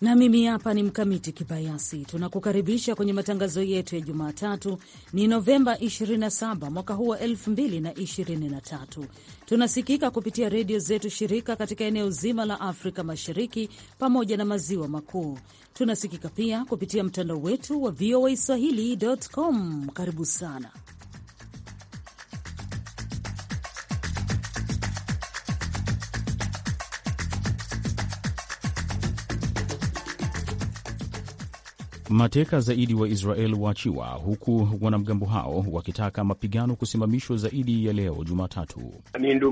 na mimi hapa ni Mkamiti Kibayasi. Tunakukaribisha kwenye matangazo yetu ya Jumatatu, ni Novemba 27 mwaka huu wa 2023. Tunasikika kupitia redio zetu shirika katika eneo zima la Afrika Mashariki pamoja na maziwa makuu. Tunasikika pia kupitia mtandao wetu wa VOA swahili.com. Karibu sana. Mateka zaidi wa Israel waachiwa, huku wanamgambo hao wakitaka mapigano kusimamishwa zaidi ya leo Jumatatu.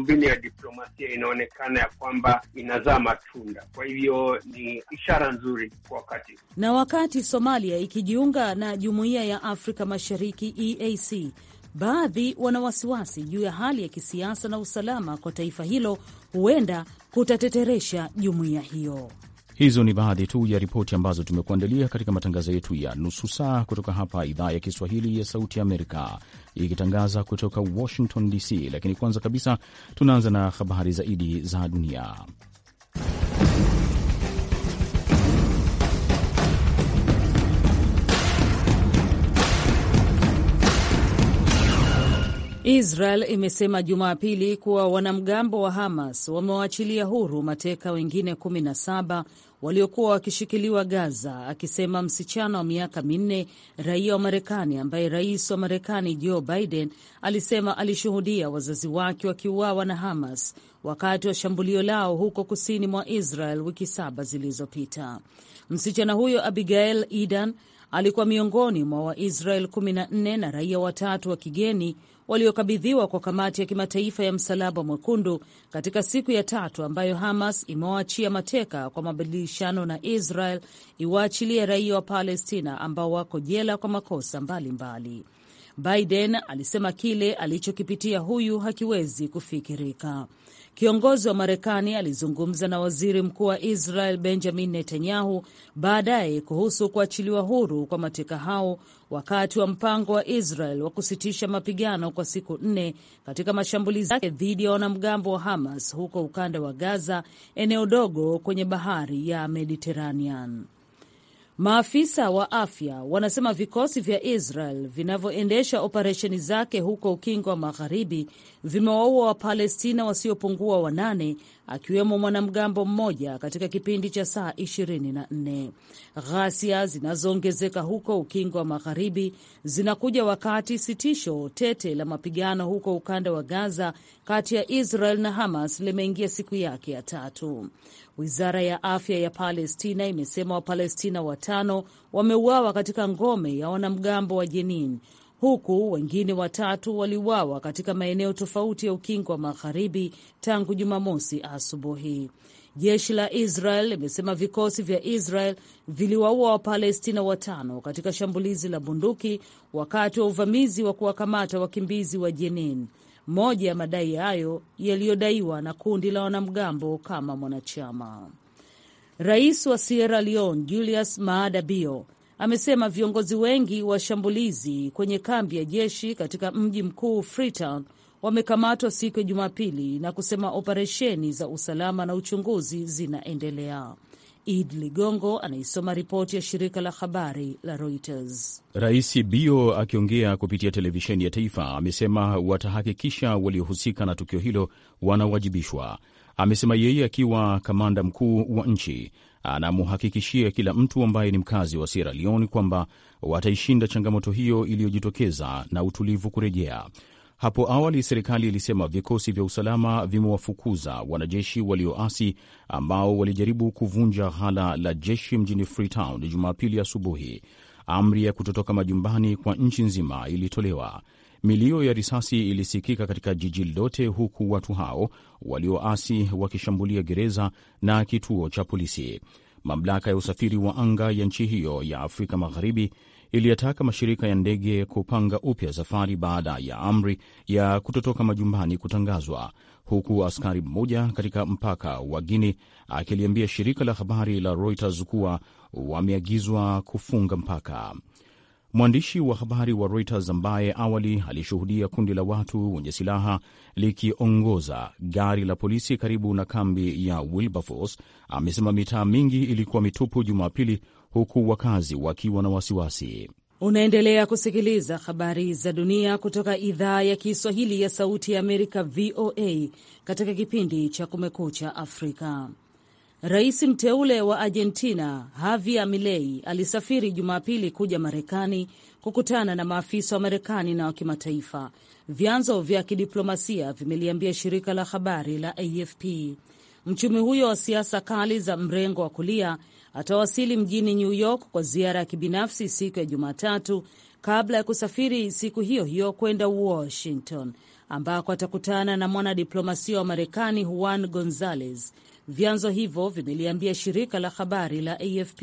mbinu ya diplomasia inaonekana ya kwamba inazaa matunda, kwa hivyo ni ishara nzuri kwa wakati. Na wakati Somalia ikijiunga na Jumuiya ya Afrika Mashariki EAC, baadhi wana wasiwasi juu ya hali ya kisiasa na usalama kwa taifa hilo, huenda kutateteresha jumuiya hiyo. Hizo ni baadhi tu ya ripoti ambazo tumekuandalia katika matangazo yetu ya nusu saa kutoka hapa idhaa ya Kiswahili ya Sauti ya Amerika, ikitangaza kutoka Washington DC. Lakini kwanza kabisa tunaanza na habari zaidi za dunia. Israel imesema Jumapili kuwa wanamgambo wa Hamas wamewaachilia huru mateka wengine 17 waliokuwa wakishikiliwa Gaza, akisema msichana wa miaka minne raia wa Marekani ambaye rais wa Marekani Joe Biden alisema alishuhudia wazazi wake wakiuawa na Hamas wakati wa shambulio lao huko kusini mwa Israel wiki saba zilizopita. Msichana huyo Abigail Edan alikuwa miongoni mwa Waisrael 14 na raia watatu wa kigeni waliokabidhiwa kwa kamati ya kimataifa ya msalaba mwekundu katika siku ya tatu ambayo Hamas imewaachia mateka kwa mabadilishano na Israel iwaachilie raia wa Palestina ambao wako jela kwa makosa mbalimbali mbali. Biden alisema kile alichokipitia huyu hakiwezi kufikirika. Kiongozi wa Marekani alizungumza na waziri mkuu wa Israel Benjamin Netanyahu baadaye kuhusu kuachiliwa huru kwa mateka hao wakati wa mpango wa Israel wa kusitisha mapigano kwa siku nne katika mashambulizi yake dhidi ya wanamgambo wa Hamas huko ukanda wa Gaza, eneo dogo kwenye bahari ya Mediterranean. Maafisa wa afya wanasema vikosi vya Israel vinavyoendesha operesheni zake huko Ukingo wa Magharibi vimewaua Wapalestina wasiopungua wanane akiwemo mwanamgambo mmoja katika kipindi cha saa 24. Ghasia zinazoongezeka huko ukingo wa magharibi zinakuja wakati sitisho tete la mapigano huko ukanda wa Gaza kati ya Israel na Hamas limeingia siku yake ya tatu. Wizara ya afya ya Palestina imesema Wapalestina watano wameuawa katika ngome ya wanamgambo wa Jenin huku wengine watatu waliuawa katika maeneo tofauti ya ukingo wa magharibi tangu Jumamosi asubuhi. Jeshi la Israel limesema vikosi vya Israel viliwaua Wapalestina watano katika shambulizi la bunduki wakati wa uvamizi wa kuwakamata wakimbizi wa Jenin, moja ya madai hayo yaliyodaiwa na kundi la wanamgambo kama mwanachama. Rais wa Sierra Leone Julius Maada Bio amesema viongozi wengi wa shambulizi kwenye kambi ya jeshi katika mji mkuu Freetown wamekamatwa siku ya Jumapili na kusema operesheni za usalama na uchunguzi zinaendelea. Id Ligongo anaisoma ripoti ya shirika la habari la Reuters. Rais Bio akiongea kupitia televisheni ya taifa amesema watahakikisha waliohusika na tukio hilo wanawajibishwa. Amesema yeye akiwa kamanda mkuu wa nchi anamuhakikishia kila mtu ambaye ni mkazi wa Sierra Leone kwamba wataishinda changamoto hiyo iliyojitokeza na utulivu kurejea. Hapo awali serikali ilisema vikosi vya usalama vimewafukuza wanajeshi walioasi ambao walijaribu kuvunja ghala la jeshi mjini Freetown Jumapili asubuhi. Amri ya kutotoka majumbani kwa nchi nzima ilitolewa. Milio ya risasi ilisikika katika jiji lote, huku watu hao walioasi wakishambulia gereza na kituo cha polisi. Mamlaka ya usafiri wa anga ya nchi hiyo ya Afrika Magharibi iliyataka mashirika ya ndege kupanga upya safari baada ya amri ya kutotoka majumbani kutangazwa, huku askari mmoja katika mpaka wa Guini akiliambia shirika la habari la Reuters kuwa wameagizwa kufunga mpaka. Mwandishi wa habari wa Reuters ambaye awali alishuhudia kundi la watu wenye silaha likiongoza gari la polisi karibu na kambi ya Wilberforce amesema mitaa mingi ilikuwa mitupu Jumapili, huku wakazi wakiwa na wasiwasi. Unaendelea kusikiliza habari za dunia kutoka idhaa ya Kiswahili ya Sauti ya Amerika, VOA, katika kipindi cha Kumekucha Afrika. Rais mteule wa Argentina Javier Milei alisafiri Jumapili kuja Marekani kukutana na maafisa wa Marekani na wa kimataifa, vyanzo vya kidiplomasia vimeliambia shirika la habari la AFP. Mchumi huyo wa siasa kali za mrengo wa kulia atawasili mjini New York kwa ziara ya kibinafsi siku ya Jumatatu kabla ya kusafiri siku hiyo hiyo kwenda Washington ambako atakutana na mwanadiplomasia wa Marekani Juan Gonzalez Vyanzo hivyo vimeliambia shirika la habari la AFP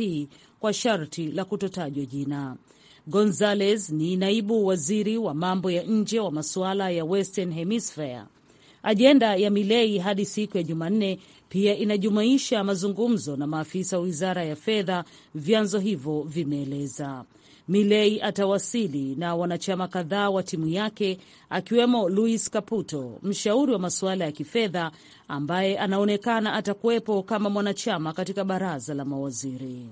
kwa sharti la kutotajwa jina. Gonzales ni naibu waziri wa mambo ya nje wa masuala ya Western Hemisphere Ajenda ya Milei hadi siku ya Jumanne pia inajumuisha mazungumzo na maafisa wa wizara ya fedha, vyanzo hivyo vimeeleza. Milei atawasili na wanachama kadhaa wa timu yake akiwemo Luis Caputo, mshauri wa masuala ya kifedha, ambaye anaonekana atakuwepo kama mwanachama katika baraza la mawaziri.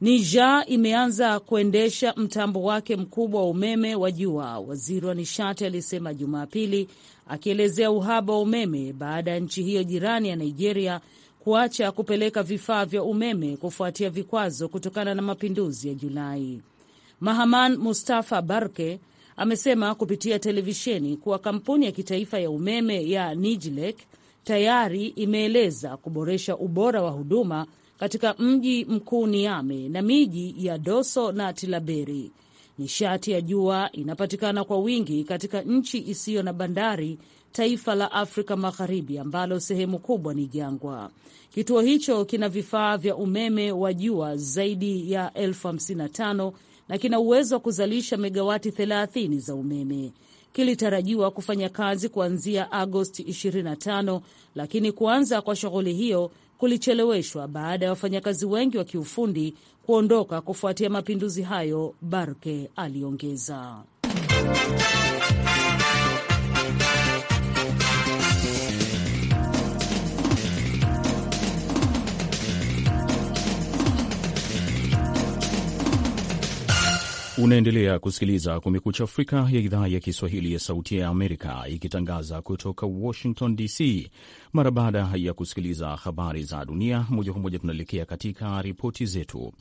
Niger imeanza kuendesha mtambo wake mkubwa wa umeme wa jua, waziri wa nishati alisema Jumapili, akielezea uhaba wa umeme baada ya nchi hiyo jirani ya Nigeria kuacha kupeleka vifaa vya umeme kufuatia vikwazo kutokana na mapinduzi ya Julai. Mahaman Mustafa Barke amesema kupitia televisheni kuwa kampuni ya kitaifa ya umeme ya Nijlek tayari imeeleza kuboresha ubora wa huduma katika mji mkuu Niame na miji ya Doso na Tilaberi. Nishati ya jua inapatikana kwa wingi katika nchi isiyo na bandari, taifa la Afrika Magharibi ambalo sehemu kubwa ni jangwa. Kituo hicho kina vifaa vya umeme wa jua zaidi ya elfu hamsini na tano na kina uwezo wa kuzalisha megawati 30 za umeme. Kilitarajiwa kufanya kazi kuanzia Agosti 25, lakini kuanza kwa shughuli hiyo kulicheleweshwa baada ya wafanyakazi wengi wa kiufundi kuondoka kufuatia mapinduzi hayo, Barke aliongeza. Unaendelea kusikiliza Kumekucha Afrika ya idhaa ya Kiswahili ya Sauti ya Amerika ikitangaza kutoka Washington DC. Mara baada ya kusikiliza habari za dunia moja kwa moja, tunaelekea katika ripoti zetu.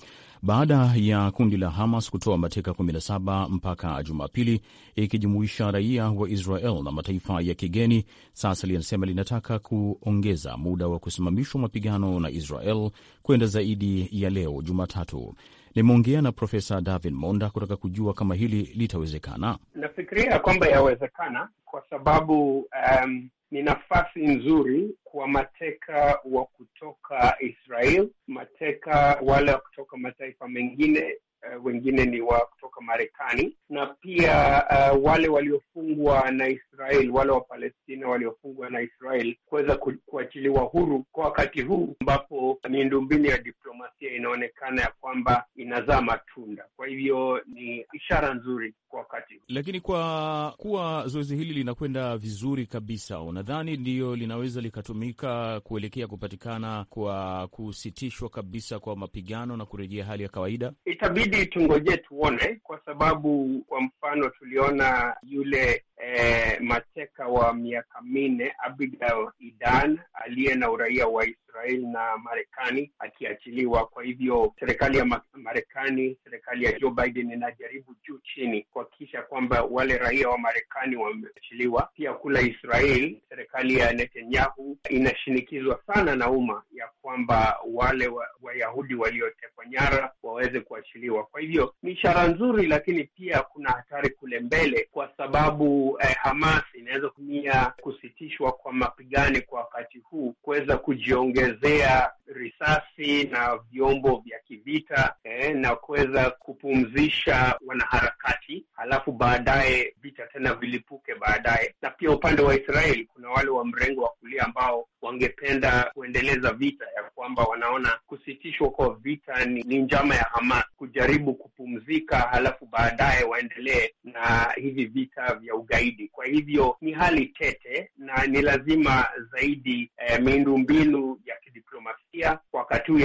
Baada ya kundi la Hamas kutoa mateka 17 mpaka Jumapili, ikijumuisha raia wa Israel na mataifa ya kigeni, sasa linasema linataka kuongeza muda wa kusimamishwa mapigano na Israel kwenda zaidi ya leo Jumatatu. Nimeongea na Profesa davi Monda kutaka kujua kama hili litawezekana. Nafikiria kwamba yawezekana kwa sababu um, ni nafasi nzuri kwa mateka wa kutoka Israel, mateka wale wa kutoka mataifa mengine uh, wengine ni wa kutoka Marekani na pia uh, wale waliofungwa na Israel, wale Wapalestina waliofungwa na Israel kuweza kuachiliwa huru kwa wakati huu ambapo miundombinu ya diplomasia inaonekana ya kwamba inazaa matunda. Kwa hivyo ni ishara nzuri kwa wakati huu, lakini kwa kuwa zoezi hili linakwenda vizuri kabisa, unadhani ndiyo linaweza likatumika kuelekea kupatikana kwa kusitishwa kabisa kwa mapigano na kurejea hali ya kawaida? Itabidi inabidi tungoje tuone, kwa sababu kwa mfano tuliona yule eh, mateka wa miaka minne Abigail Idan aliye na uraia wa Israel na Marekani akiachiliwa. Kwa hivyo serikali ya Marekani, serikali ya Joe Biden inajaribu juu chini kuhakikisha kwamba wale raia wa Marekani wameachiliwa. Pia kula israel serikali ya Netanyahu inashinikizwa sana na umma ya kwamba wale Wayahudi wa waliotekwa nyara waweze kuachiliwa. Kwa hivyo ni ishara nzuri, lakini pia kuna hatari kule mbele, kwa sababu eh, Hamas inaweza kutumia kusitishwa kwa mapigani kwa wakati huu kuweza kujiongea que sea risasi na vyombo vya kivita eh, na kuweza kupumzisha wanaharakati, halafu baadaye vita tena vilipuke baadaye. Na pia upande wa Israeli kuna wale wa mrengo wa kulia ambao wangependa kuendeleza vita, ya kwamba wanaona kusitishwa kwa vita ni, ni njama ya Hamas kujaribu kupumzika, halafu baadaye waendelee na hivi vita vya ugaidi. Kwa hivyo ni hali tete na ni lazima zaidi eh, miundombinu ya kidiplomasia Ethiopia wakati huu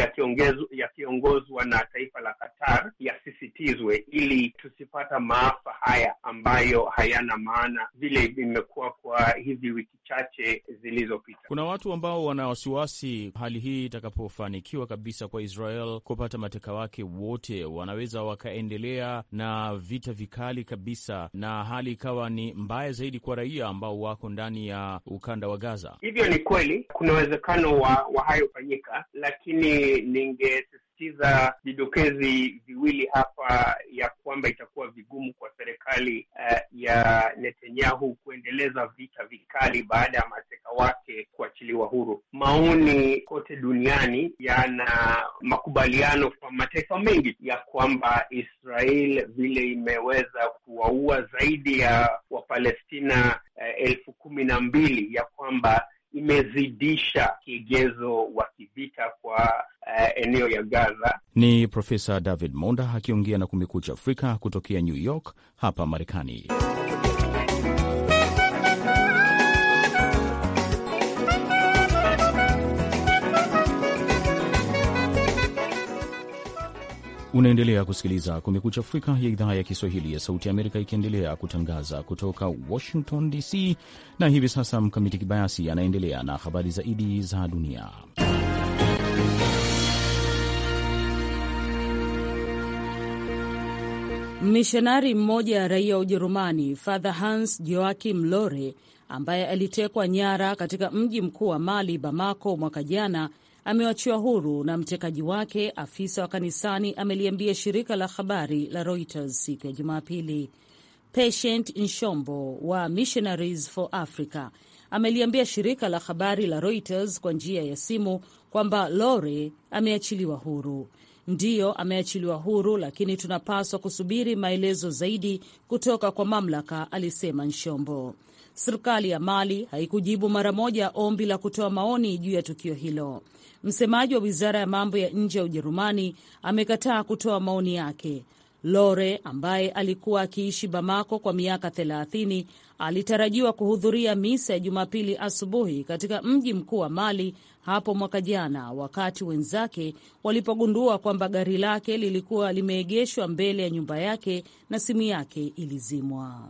yakiongozwa na taifa la Qatar yasisitizwe, ili tusipata maafa haya ambayo hayana maana vile vimekuwa kwa hivi wiki chache zilizopita. Kuna watu ambao wana wasiwasi hali hii itakapofanikiwa kabisa kwa Israel kupata mateka wake wote, wanaweza wakaendelea na vita vikali kabisa, na hali ikawa ni mbaya zaidi kwa raia ambao wako ndani ya ukanda wa Gaza. Hivyo ni kweli, kuna uwezekano wa, wa hayo fanyika, lakini ningesisitiza vidokezi viwili hapa, ya kwamba itakuwa vigumu kwa serikali uh, ya Netanyahu kuendeleza vita vikali baada ya mateka wake kuachiliwa huru. Maoni kote duniani yana makubaliano kwa mataifa mengi ya kwamba Israel vile imeweza kuwaua zaidi ya Wapalestina uh, elfu kumi na mbili ya kwamba imezidisha kigezo wa kivita kwa uh, eneo ya Gaza. Ni Profesa David Monda akiongea na Kumekucha Afrika kutokea New York hapa Marekani. Unaendelea kusikiliza Kumekucha Afrika ya idhaa ya Kiswahili ya Sauti Amerika, ikiendelea kutangaza kutoka Washington DC. Na hivi sasa Mkamiti Kibayasi anaendelea na habari zaidi za dunia. Mishonari mmoja raia wa Ujerumani, Father Hans Joachim Lore, ambaye alitekwa nyara katika mji mkuu wa Mali, Bamako, mwaka jana amewachiwa huru na mtekaji wake, afisa wa kanisani ameliambia shirika la habari la Reuters siku ya Jumapili. Patient Nshombo wa Missionaries for Africa ameliambia shirika la habari la Reuters kwa njia ya simu kwamba Lore ameachiliwa huru. Ndiyo, ameachiliwa huru, lakini tunapaswa kusubiri maelezo zaidi kutoka kwa mamlaka, alisema Nshombo. Serikali ya Mali haikujibu mara moja ombi la kutoa maoni juu ya tukio hilo. Msemaji wa wizara ya mambo ya nje ya Ujerumani amekataa kutoa maoni yake. Lore ambaye alikuwa akiishi Bamako kwa miaka 30 alitarajiwa kuhudhuria misa ya Jumapili asubuhi katika mji mkuu wa Mali hapo mwaka jana, wakati wenzake walipogundua kwamba gari lake lilikuwa limeegeshwa mbele ya nyumba yake na simu yake ilizimwa.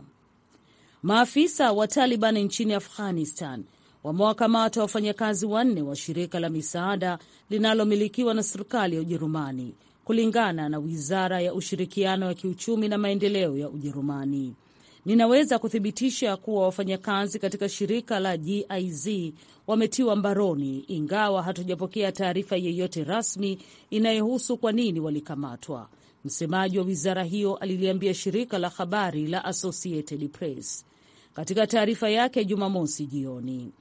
Maafisa wa Taliban nchini Afghanistan wamewakamata wafanyakazi wanne wa shirika la misaada linalomilikiwa na serikali ya Ujerumani, kulingana na wizara ya ushirikiano wa kiuchumi na maendeleo ya Ujerumani. Ninaweza kuthibitisha kuwa wafanyakazi katika shirika la GIZ wametiwa mbaroni, ingawa hatujapokea taarifa yeyote rasmi inayohusu kwa nini walikamatwa. Msemaji wa wizara hiyo aliliambia shirika la habari la Associated Press katika taarifa yake Jumamosi jioni.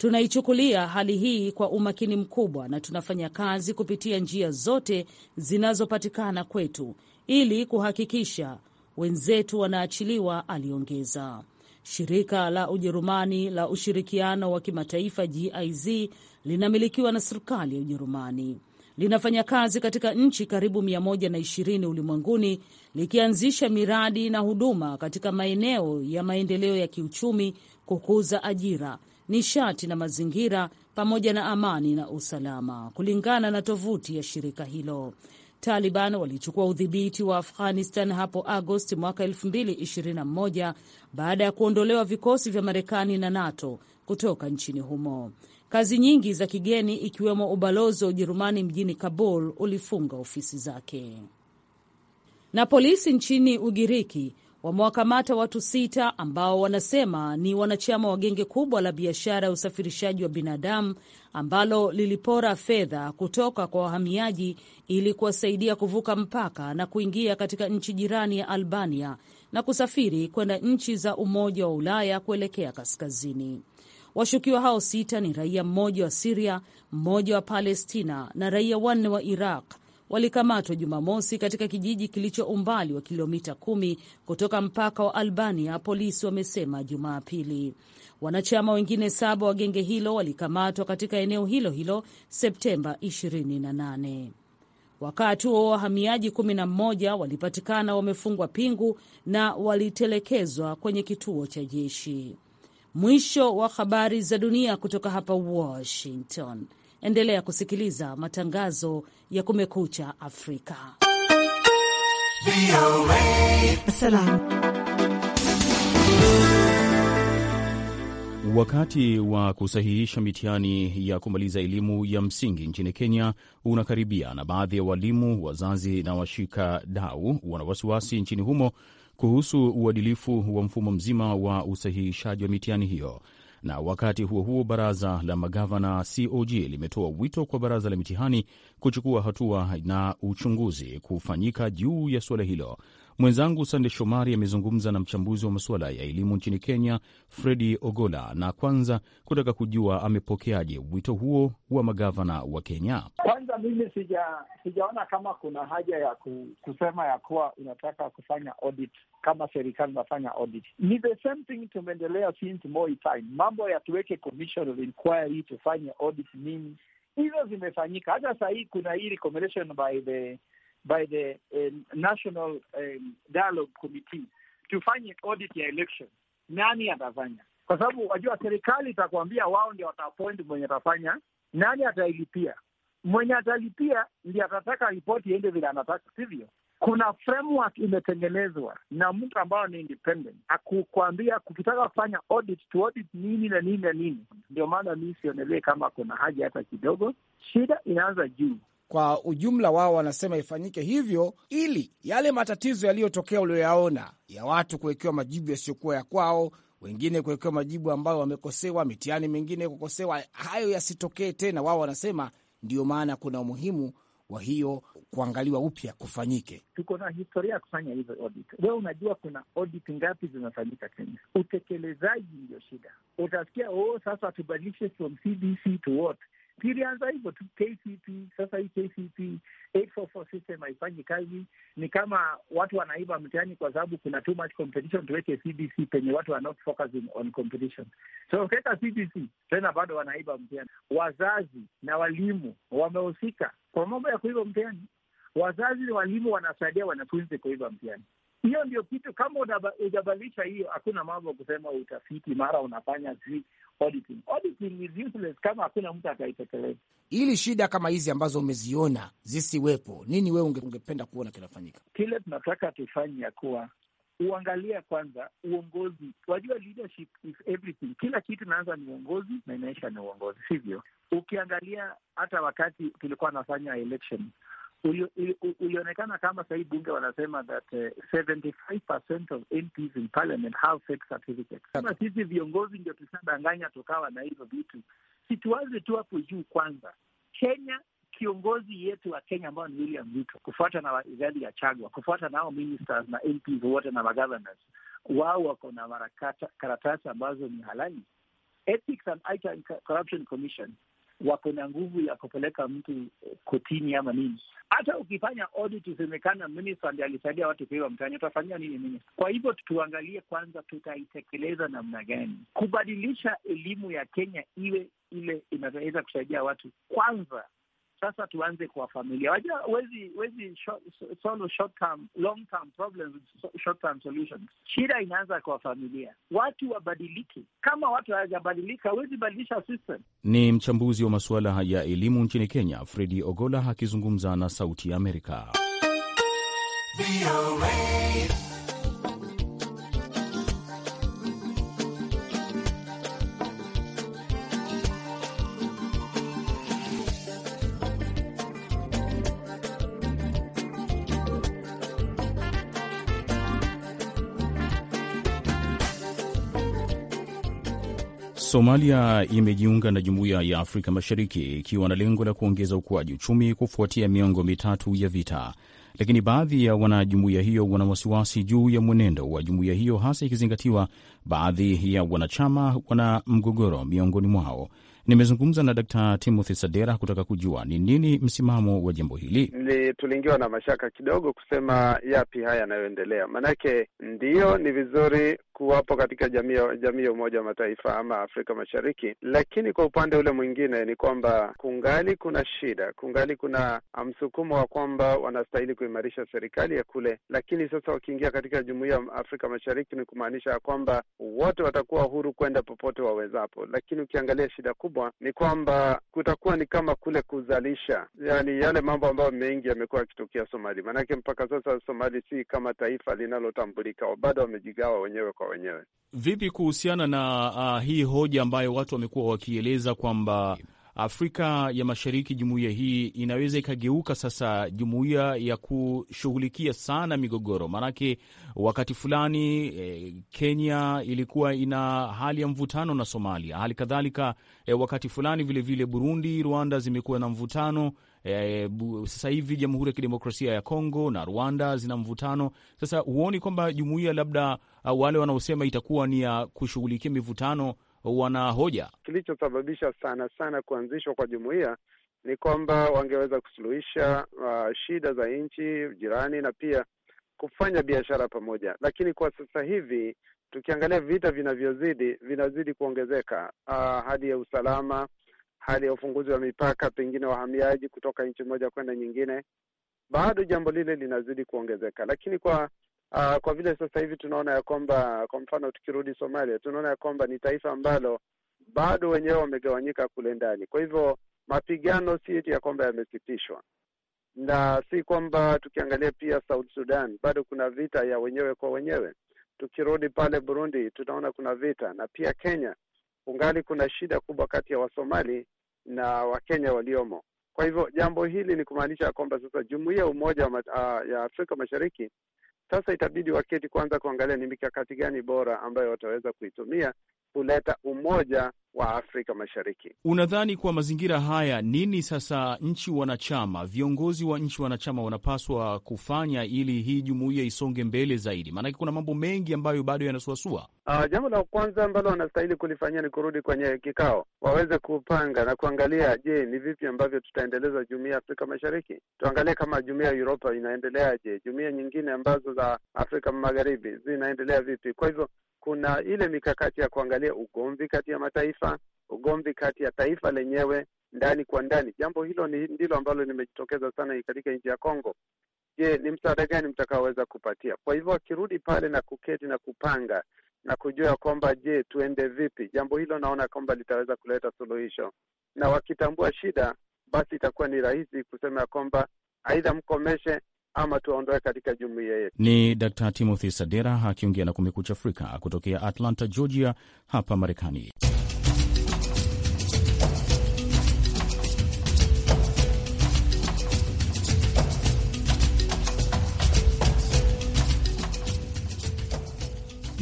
Tunaichukulia hali hii kwa umakini mkubwa na tunafanya kazi kupitia njia zote zinazopatikana kwetu ili kuhakikisha wenzetu wanaachiliwa, aliongeza. Shirika la Ujerumani la ushirikiano wa kimataifa GIZ linamilikiwa na serikali ya Ujerumani linafanya kazi katika nchi karibu 120 ulimwenguni likianzisha miradi na huduma katika maeneo ya maendeleo ya kiuchumi, kukuza ajira nishati na mazingira, pamoja na amani na usalama, kulingana na tovuti ya shirika hilo. Taliban walichukua udhibiti wa Afghanistan hapo Agosti mwaka 2021 baada ya kuondolewa vikosi vya Marekani na NATO kutoka nchini humo. Kazi nyingi za kigeni ikiwemo ubalozi wa Ujerumani mjini Kabul ulifunga ofisi zake. Na polisi nchini Ugiriki wamewakamata watu sita ambao wanasema ni wanachama wa genge kubwa la biashara ya usafirishaji wa binadamu ambalo lilipora fedha kutoka kwa wahamiaji ili kuwasaidia kuvuka mpaka na kuingia katika nchi jirani ya Albania na kusafiri kwenda nchi za Umoja wa Ulaya kuelekea kaskazini. Washukiwa hao sita ni raia mmoja wa Siria, mmoja wa Palestina na raia wanne wa Iraq walikamatwa Jumamosi katika kijiji kilicho umbali wa kilomita kumi kutoka mpaka wa Albania, polisi wamesema Jumapili. Wanachama wengine saba wa genge hilo walikamatwa katika eneo hilo hilo Septemba 28. Wakati huo wahamiaji 11 walipatikana wamefungwa pingu na walitelekezwa kwenye kituo cha jeshi. Mwisho wa habari za dunia kutoka hapa Washington. Endelea kusikiliza matangazo ya Kumekucha Afrika. Wakati wa kusahihisha mitihani ya kumaliza elimu ya msingi nchini Kenya unakaribia na baadhi ya walimu, wazazi na washika dau wana wasiwasi nchini humo kuhusu uadilifu wa mfumo mzima wa usahihishaji wa mitihani hiyo. Na wakati huo huo, baraza la magavana COG limetoa wito kwa baraza la mitihani kuchukua hatua na uchunguzi kufanyika juu ya suala hilo. Mwenzangu Sande Shomari amezungumza na mchambuzi wa masuala ya elimu nchini Kenya, Fredi Ogola, na kwanza kutaka kujua amepokeaje wito huo wa magavana wa Kenya kwanza mimi sija, sijaona kama kuna haja ya kusema ya kuwa unataka kufanya audit kama serikali unafanya audit. Ni the same thing tumeendelea since Moi time, mambo ya tuweke commission inquiry tufanye audit nini, hizo zimefanyika. Hata sahii kuna hii recommendation by the by the um, national um, dialogue committee tufanye audit ya election. Nani atafanya? Kwa sababu wajua serikali itakuambia wao ndio watapoint mwenye atafanya, nani atailipia mwenye atalipia ndiye atataka ripoti iende vile anataka, sivyo? Kuna framework imetengenezwa na mtu ambayo ni independent, akukwambia ukitaka kufanya audit to audit nini na nini na nini. Ndio maana mi sionelee kama kuna haja hata kidogo. Shida inaanza juu. Kwa ujumla wao wanasema ifanyike hivyo ili yale matatizo yaliyotokea ulioyaona ya watu kuwekewa majibu yasiyokuwa ya kwao, wengine kuwekewa majibu ambayo wamekosewa, mitihani mingine kukosewa, hayo yasitokee tena. Wao wanasema Ndiyo maana kuna umuhimu wa hiyo kuangaliwa upya kufanyike. Tuko na historia ya kufanya hizo audit. Wewe unajua kuna audit ngapi zinafanyika Kenya? Utekelezaji ndio shida. Utasikia oh, sasa tubadilishe from CBC to what ilianza hivyo tu KCP. Sasa hii KCP 844 system haifanyi kazi, ni kama watu wanaiba mtihani kwa sababu kuna too much competition. Tuweke CBC penye watu are not focusing on competition, so ukiweka CBC tena bado wanaiba mtihani. Wazazi na walimu wamehusika kwa mambo ya kuiba mtihani. Wazazi na walimu wanasaidia wanafunzi kuiba mtihani. Hiyo ndio kitu, kama ujabalisha hiyo, hakuna mambo kusema utafiti mara unafanya zi, auditing. Auditing is useless kama hakuna mtu ataitekeleza. Ili shida kama hizi ambazo umeziona zisiwepo, nini wewe unge, ungependa kuona kinafanyika? Kile tunataka tufanye ya kuwa uangalia kwanza uongozi. Wajua, leadership is everything. Kila kitu inaanza ni uongozi na inaisha ni uongozi, sivyo? Ukiangalia hata wakati tulikuwa nafanya election ulionekana kama sahii bunge wanasema that 75% eh, of MPs in parliament have fake certificates. Kama sisi viongozi ndio tushadanganya tukawa na hivyo vitu, situazi tu hapo juu. Kwanza Kenya, kiongozi yetu wa Kenya ambao ni William Ruto, kufuata na Rigathi Gachagua, kufuata nao ministers na MPs wote na magovernors wao wako na karatasi ambazo ni halali. Ethics and Anti-Corruption Commission wako na nguvu ya kupeleka mtu eh, kotini ama nini. Hata ukifanya audit isemekana minista ndiye alisaidia watu kuiba mtani, utafanyia nini minista? Kwa hivyo tuangalie kwanza tutaitekeleza namna gani, kubadilisha elimu ya Kenya iwe ile inaweza kusaidia watu kwanza sasa tuanze kwa familia. Wajua wezi, wezi short term, long term problems, short term solutions. Shida inaanza kwa familia, watu wabadilike. Kama watu hawajabadilika, hawezi badilisha system. Ni mchambuzi wa masuala ya elimu nchini Kenya, Fredi Ogola akizungumza na Sauti ya Amerika. Somalia imejiunga na jumuiya ya Afrika Mashariki ikiwa na lengo la kuongeza ukuaji uchumi kufuatia miongo mitatu ya vita, lakini baadhi ya wanajumuiya hiyo wana wasiwasi juu ya mwenendo wa jumuiya hiyo, hasa ikizingatiwa baadhi ya wanachama wana mgogoro miongoni mwao. Nimezungumza na Dkt. Timothy Sadera kutaka kujua ni nini msimamo wa jambo hili. Tuliingiwa na mashaka kidogo kusema yapi haya yanayoendelea, maanake ndiyo ni vizuri kuwapo katika jamii jamii ya Umoja wa Mataifa ama Afrika Mashariki, lakini kwa upande ule mwingine ni kwamba kungali kuna shida, kungali kuna msukumo wa kwamba wanastahili kuimarisha serikali ya kule, lakini sasa wakiingia katika jumuiya ya Afrika Mashariki ni kumaanisha ya kwamba wote watakuwa huru kwenda popote wawezapo, lakini ukiangalia shida kubwa kubwa ni kwamba kutakuwa ni kama kule kuzalisha, yani yale mambo ambayo mengi yamekuwa yakitokea Somali. Maanake mpaka sasa Somali si kama taifa linalotambulika, bado wamejigawa wenyewe kwa wenyewe. Vipi kuhusiana na uh, hii hoja ambayo watu wamekuwa wakieleza kwamba Afrika ya Mashariki, jumuiya hii inaweza ikageuka sasa jumuiya ya kushughulikia sana migogoro. Maanake wakati fulani e, Kenya ilikuwa ina hali ya mvutano na Somalia, hali kadhalika e, wakati fulani vilevile vile Burundi, Rwanda zimekuwa na mvutano. E, bu, sasa hivi Jamhuri ya Kidemokrasia ya Kongo na Rwanda zina mvutano. Sasa huoni kwamba jumuiya labda wale wanaosema itakuwa ni ya kushughulikia mivutano wanahoja kilichosababisha sana sana kuanzishwa kwa jumuiya ni kwamba wangeweza kusuluhisha uh, shida za nchi jirani na pia kufanya biashara pamoja, lakini kwa sasa hivi tukiangalia vita vinavyozidi vinazidi kuongezeka, uh, hali ya usalama, hali ya ufunguzi wa mipaka, pengine wahamiaji kutoka nchi moja kwenda nyingine, bado jambo lile linazidi kuongezeka, lakini kwa Uh, kwa vile sasa hivi tunaona ya kwamba kwa mfano tukirudi Somalia, tunaona ya kwamba ni taifa ambalo bado wenyewe wamegawanyika kule ndani. Kwa hivyo mapigano si eti ya kwamba yamesitishwa, na si kwamba tukiangalia pia South Sudan bado kuna vita ya wenyewe kwa wenyewe. Tukirudi pale Burundi tunaona kuna vita, na pia Kenya ungali kuna shida kubwa kati ya Wasomali na Wakenya waliomo. Kwa hivyo jambo hili ni kumaanisha ya kwamba sasa jumuiya umoja uh, ya Afrika Mashariki sasa itabidi waketi kwanza kuangalia ni mikakati gani bora ambayo wataweza kuitumia kuleta umoja wa Afrika Mashariki. Unadhani kwa mazingira haya nini sasa nchi wanachama, viongozi wa nchi wanachama wanapaswa kufanya ili hii jumuiya isonge mbele zaidi? Maanake kuna mambo mengi ambayo bado yanasuasua. Uh, jambo la kwanza ambalo wanastahili kulifanyia ni kurudi kwenye kikao, waweze kupanga na kuangalia, je, ni vipi ambavyo tutaendeleza jumuiya ya Afrika Mashariki. Tuangalie kama jumuiya ya Uropa inaendeleaje, jumuiya nyingine ambazo za Afrika Magharibi zinaendelea vipi. Kwa hivyo kuna hmm. ile mikakati ya kuangalia ugomvi kati ya mataifa, ugomvi kati ya taifa lenyewe ndani kwa ndani. Jambo hilo ni ndilo ambalo limejitokeza sana katika nchi ya Kongo. Je, ni msaada gani mtakaoweza kupatia? Kwa hivyo akirudi pale na kuketi na kupanga na kujua ya kwamba je, tuende vipi, jambo hilo naona kwamba litaweza kuleta suluhisho, na wakitambua shida, basi itakuwa ni rahisi kusema ya kwamba aidha mkomeshe ama tuwaondoe katika jumuiya yetu. Ni dr Timothy Sadera akiongea na Kumekucha Afrika kutokea Atlanta, Georgia, hapa Marekani.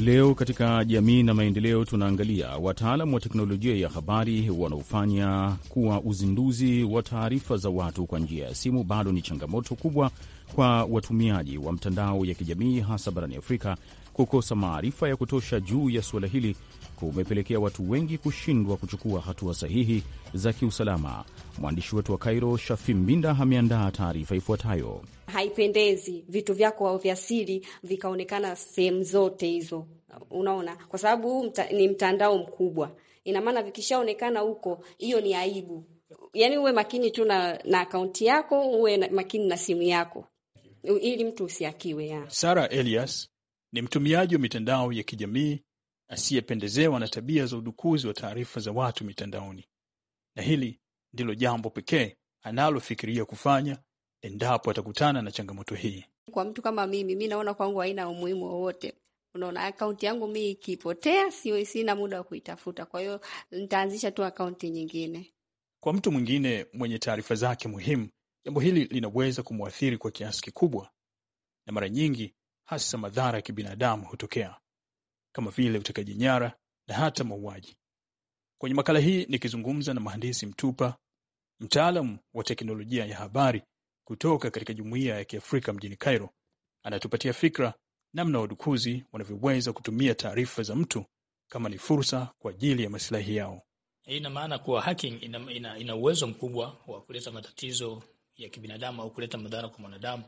Leo katika jamii na maendeleo, tunaangalia wataalam wa teknolojia ya habari wanaofanya kuwa uzinduzi wa taarifa za watu kwa njia ya simu bado ni changamoto kubwa kwa watumiaji wa mtandao ya kijamii hasa barani Afrika Kukosa maarifa ya kutosha juu ya suala hili kumepelekea watu wengi kushindwa kuchukua hatua sahihi za kiusalama. Mwandishi wetu wa Kairo, Shafi Mbinda, ameandaa taarifa ifuatayo. Haipendezi vitu vyako vya siri vikaonekana sehemu zote hizo, unaona, kwa sababu huu mta, ni mtandao mkubwa. Ina maana vikishaonekana huko, hiyo ni aibu. Yaani uwe makini tu na, na akaunti yako, uwe makini na simu yako ili mtu usiakiwe ya. Sara Elias ni mtumiaji wa mitandao ya kijamii asiyependezewa na tabia za udukuzi wa taarifa za watu mitandaoni, na hili ndilo jambo pekee analofikiria kufanya endapo atakutana na changamoto hii. Kwa mtu kama mimi, mi naona kwangu haina umuhimu wowote. Unaona, akaunti yangu mi ikipotea, si sina muda wa kuitafuta, kwa hiyo nitaanzisha tu akaunti nyingine. Kwa mtu mwingine mwenye taarifa zake muhimu, jambo hili linaweza kumwathiri kwa kiasi kikubwa, na mara nyingi hasa madhara ya kibinadamu hutokea kama vile utekaji nyara na hata mauaji. Kwenye makala hii nikizungumza na mhandisi Mtupa, mtaalamu wa teknolojia ya habari kutoka katika jumuiya ya Kiafrika mjini Cairo, anatupatia fikra namna wadukuzi wanavyoweza kutumia taarifa za mtu kama ni fursa kwa ajili ya masilahi yao. Ina maana kuwa hacking ina, ina, ina uwezo mkubwa wa kuleta matatizo ya kibinadamu au kuleta madhara kwa mwanadamu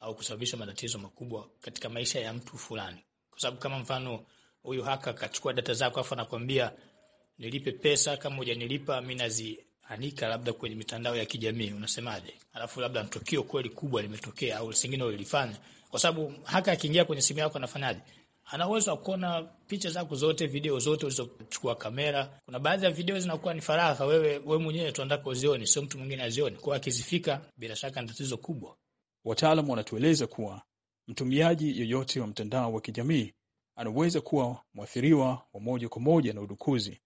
au kusababisha matatizo makubwa katika maisha ya mtu fulani, kwa sababu kama mfano huyu haka akachukua data zako afu anakwambia nilipe pesa, kama hujanilipa mimi nazianika labda kwenye mitandao ya kijamii, unasemaje? Alafu labda mtukio kweli kubwa limetokea au singine ulifanya, kwa sababu haka akiingia kwenye simu yako anafanyaje? Ana uwezo wa kuona picha zako zote, video zote ulizochukua kamera. Kuna baadhi ya video zinakuwa ni faragha, wewe wewe mwenyewe tu unataka uzione, sio mtu mwingine azione. Kwa akizifika, bila shaka ni tatizo kubwa. Wataalamu wanatueleza kuwa mtumiaji yoyote wa mtandao wa kijamii anaweza kuwa mwathiriwa wa moja kwa moja na udukuzi,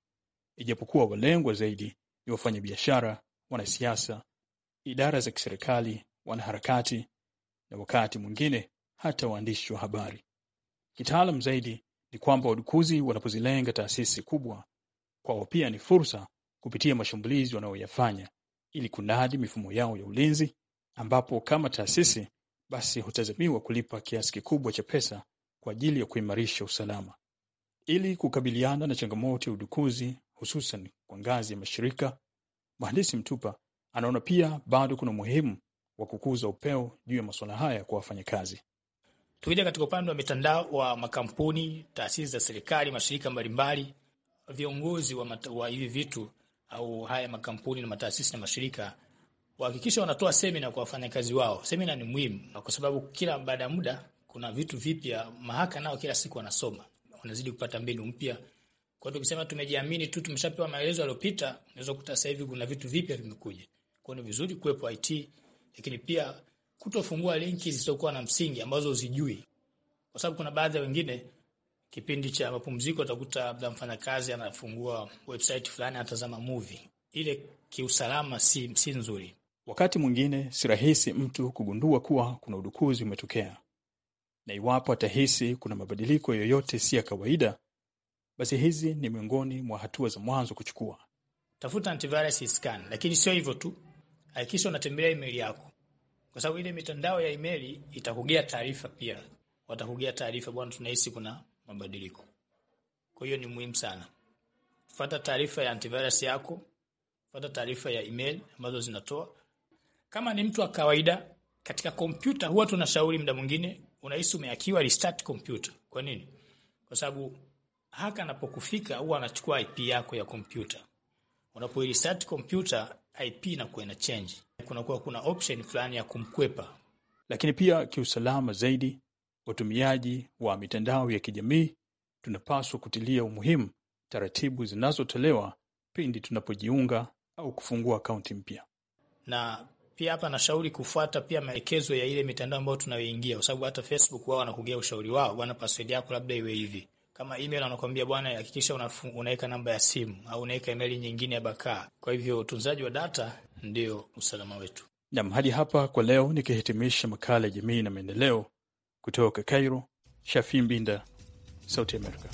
ijapokuwa walengwa zaidi ni wafanyabiashara, wanasiasa, idara za kiserikali, wanaharakati na wakati mwingine hata waandishi wa habari. Kitaalam zaidi ni kwamba wadukuzi wanapozilenga taasisi kubwa, kwao pia ni fursa kupitia mashambulizi wanayoyafanya ili kunadi mifumo yao ya ulinzi ambapo kama taasisi basi hutazamiwa kulipa kiasi kikubwa cha pesa kwa ajili ya kuimarisha usalama ili kukabiliana na changamoto ya udukuzi hususan kwa ngazi ya mashirika. Mhandisi Mtupa anaona pia bado kuna umuhimu wa kukuza upeo juu ya masuala haya kwa wafanyakazi. Tukija katika upande wa mitandao wa makampuni, taasisi za serikali, mashirika mbalimbali, viongozi wa, wa hivi vitu au haya makampuni na mataasisi na mashirika kuhakikisha wanatoa semina kwa wafanyakazi wao. Semina ni muhimu kwa sababu kila baada ya muda kuna vitu vipya. Mahaka nao kila siku wanasoma, wanazidi kupata mbinu mpya. Kwa hiyo tukisema tumejiamini tu, tumeshapewa maelezo yaliyopita, unaweza kukuta sasa hivi kuna vitu vipya vimekuja. Kwa hiyo ni vizuri kuwepo IT, lakini pia kutofungua linki zisizokuwa na msingi ambazo uzijui, kwa sababu kuna baadhi ya wengine kipindi cha mapumziko utakuta labda mfanyakazi anafungua website fulani, anatazama movie ile, kiusalama si, si nzuri. Wakati mwingine si rahisi mtu kugundua kuwa kuna udukuzi umetokea, na iwapo atahisi kuna mabadiliko yoyote si ya kawaida, basi hizi ni miongoni mwa hatua za mwanzo kuchukua. Tafuta antivirus scan. Lakini sio hivyo tu, hakikisha unatembelea email yako, kwa sababu ile mitandao ya email itakugea taarifa pia, watakugea taarifa, bwana, tunahisi kuna mabadiliko. Kwa hiyo ni muhimu sana, fuata taarifa ya antivirus yako, fuata taarifa ya email ambazo zinatoa kama ni mtu wa kawaida katika kompyuta, huwa tunashauri muda mwingine unahisi umeakiwa, restart kompyuta. Kwa nini? Kwa sababu haka anapokufika huwa anachukua IP yako ya kompyuta. Unapo restart kompyuta, IP inakuwa ina change, kunakuwa kuna option fulani ya kumkwepa. Lakini pia kiusalama zaidi, watumiaji wa mitandao ya kijamii tunapaswa kutilia umuhimu taratibu zinazotolewa pindi tunapojiunga au kufungua akaunti mpya, na pia hapa nashauri kufuata pia maelekezo ya ile mitandao ambayo tunayoingia, kwa sababu hata Facebook wao wanakugea ushauri wao, bwana, password yako labda iwe hivi. Kama email anakwambia bwana, hakikisha unaweka namba ya simu au unaweka email nyingine ya bakaa. Kwa hivyo utunzaji wa data ndio usalama wetu. Nam, hadi hapa kwa leo, nikihitimisha makala ya jamii na maendeleo kutoka Cairo. Shafi Mbinda, Sauti Amerika.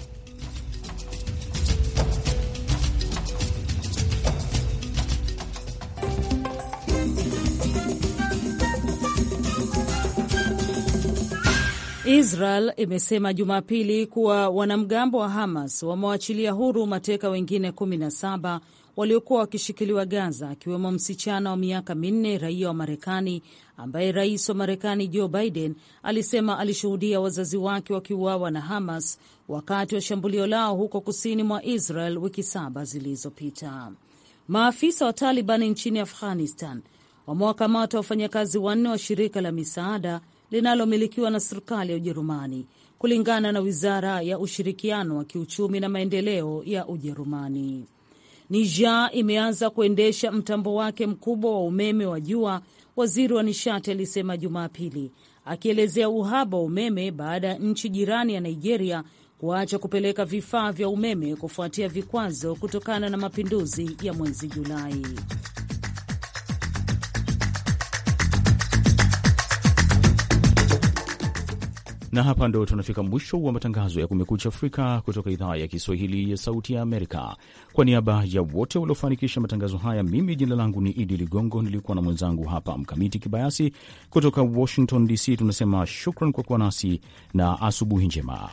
Israel imesema Jumapili kuwa wanamgambo wa Hamas wamewaachilia huru mateka wengine 17 waliokuwa wakishikiliwa Gaza, akiwemo msichana wa miaka minne, raia wa Marekani ambaye rais wa Marekani Joe Biden alisema alishuhudia wazazi wake wakiuawa na Hamas wakati wa shambulio lao huko kusini mwa Israel wiki saba zilizopita. Maafisa wa Taliban nchini Afghanistan wamewakamata wafanyakazi wanne wa shirika la misaada linalomilikiwa na serikali ya Ujerumani, kulingana na wizara ya ushirikiano wa kiuchumi na maendeleo ya Ujerumani. Niger imeanza kuendesha mtambo wake mkubwa wa umeme wa jua, waziri wa nishati alisema Jumapili, akielezea uhaba wa umeme baada ya nchi jirani ya Nigeria kuacha kupeleka vifaa vya umeme kufuatia vikwazo kutokana na mapinduzi ya mwezi Julai. Na hapa ndo tunafika mwisho wa matangazo ya Kumekucha Afrika kutoka idhaa ya Kiswahili ya Sauti ya Amerika. Kwa niaba ya wote waliofanikisha matangazo haya, mimi jina langu ni Idi Ligongo, nilikuwa na mwenzangu hapa Mkamiti Kibayasi kutoka Washington DC. Tunasema shukran kwa kuwa nasi na asubuhi njema.